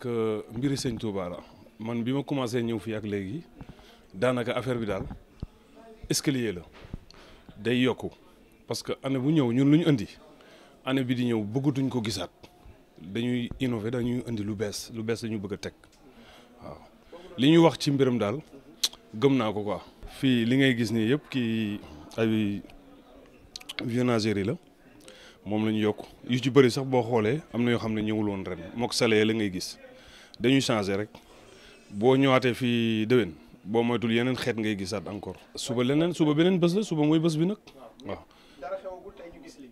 parce mbiri sëñ Touba man bi ma commencé ñëw fii ak léegi daanaka affaire bi daal escalier la day yokk parce que année bu ñëw ñun lu ñu indi année bi di ñëw bëggatuñ ko gisaat dañuy innover dañuy indi lu bees lu bees dañu bëgg a teg waaw li ñuy wax ci mbiram daal gëm naa ko quoi. fii li ngay gis nii yëpp kii ay viennagerie la. mom lañu yok yu ci bari sax bo xolé amna yo xamné ñewul won ren mok salé la ngay gis dañu changer rek bo ñewate fi dewen bo moytul yenen xet ngay gisat encore. suba lenen suba benen bëss la suba moy bëss bi nag waaw.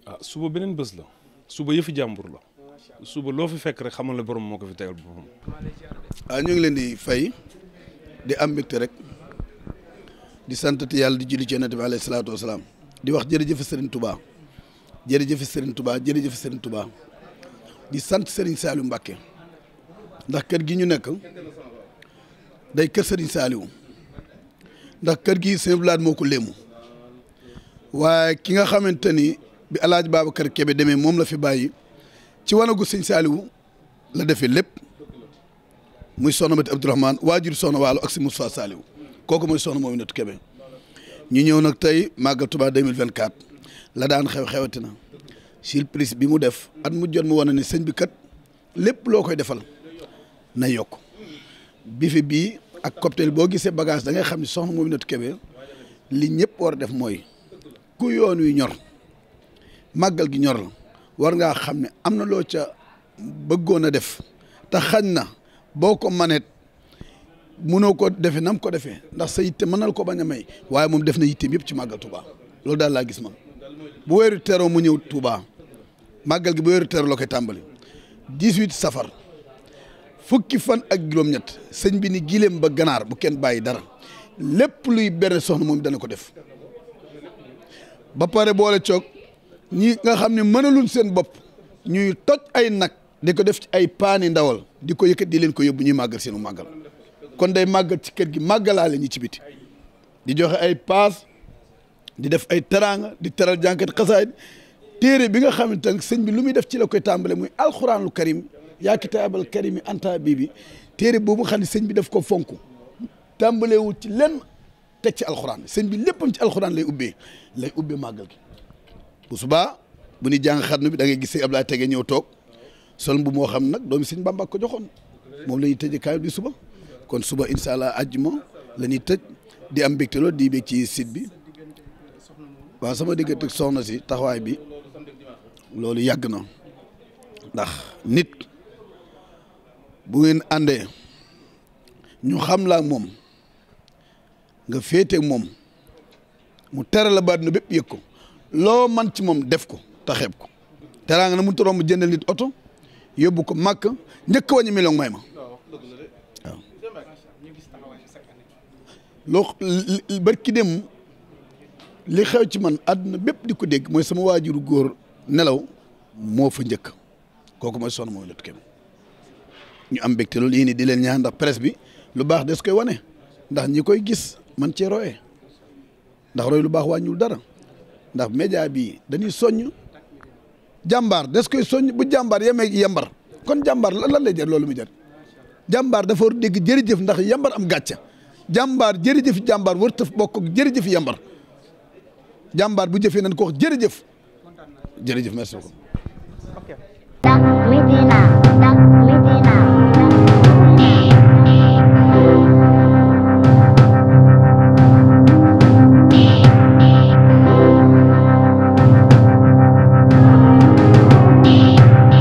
ah suba benen bëss la suba yëfi jambur la suba lo fi fekk rek xamal la borom moko fi tayal borom ah ñu ngi leen di fay di am rek di ti yalla di julli ci yonent alayhi di wax jërëjëf Serigne Touba. jërëjëf Serigne Touba jërëjëf Serigne Touba di sant Serigne Saliou mbakke ndax kër gi ñu nekk day kër Serigne Saliou ndax kër gi Sëñ Blaat moo ko léemu ki nga xamante ni bi El Hadj Babacar Kébé demee moom la fi bàyyi ci wanagu Sëñ Saliou la defee lépp muy soxna Mati Abdourahmane waajur soxna Waalo ak si Moussa Saliou kooku mooy soxna moom i natu Kébé ñu ñëw nag tey màggal Touba 2024. la daan xew xewati na surprise bi mu def at mu jot mu wane ne sëñ bi kat lépp loo koy defal na yokk bi fi bii ak cocktail boo gisee bagage da ngay xam ne soxna Mouminatou Kébé li ñëpp war a def mooy ku yoon wi ñor màggal gi ñor la war ngaa xam ne am na loo ca bëggoon a def te xañ na boo ko manet mënoo ko defe nam ko defee ndax sa yitte mënal ko bañ a may waaye moom def na yitteem yëpp ci màggal Tuubaa loolu daal laa gis man bu weeru teroo mu ñëw Touba màggal gi bu weeru teroo la koy tàmbali 18 safar fukki fan ak juróom-ñett sëñ bi ni gileem ba ganaar bu kenn bàyyi dara lépp luy benn soxna moom dana ko def ba pare boole coog ñi nga xam ne mënaluñ seen bopp ñuy toj ay nag di ko def ci ay paani ndawal di ko yëkkat di leen ko yóbbu ñuy màggal seenu màggal kon day màggal ci kër gi màggalaale ñi ci bit di joxe ay paas. di def ay teraanga di teral jànkat xasaayid téere bi nga xamante ne sëñ bi lu muy def ci la koy tàmbale muy alxuraanul karim yaa kitaabal karimi anta bii bi téere boobu xam ne sëñ bi def ko fonk tàmbalewul ci lenn teg ci alxuraan sëñ bi léppam ci alxuraan lay ubbee lay ubbee màggal gi bu subaa bu ñuy jàng xarnu bi da ngay gis sëñ Abdoulaye Tege ñëw toog sol bu moo xam nag doomi sëñ Bamba ko joxoon moom la ñuy tëjee bi suba kon suba incha allah àjjuma la ñuy tëj di am mbégte lool di bég ci site bi. waa sama diggante soxna si taxawaay bi loolu yàgg na ndax nit bu ngeen àndee ñu xam la moom nga féete moom mu teral la baat na bépp yëg ko loo man ci moom def ko te xeeb ko teraanga na mu torom mu jëndal nit oto yóbbu ko màkk njëkk wañu million may ma bërki dem li xew ci man àdduna bépp di ko dégg mooy sama waajuru góor nelaw moo fa njëkk kooku mooy sonn mooy lottu kenn ñu am mbégte loolu yéen di leen ñaan ndax presse bi lu baax des koy wane ndax ñi koy gis man cee royee ndax roy lu baax waa ñuul dara ndax média bi dañuy soññ jàmbaar des koy soññ bu jàmbaar yemee yembar kon jàmbaar lan lan lay jar loolu mu jar jàmbaar dafa war dégg jërëjëf ndax yembar am gàcce jàmbaar jërëjëf jàmbaar wërtëf bokk jërëjëf yembar jàmbaar bu jëfee nañ ko wax jërëjëf jërëjëf merci beaucoup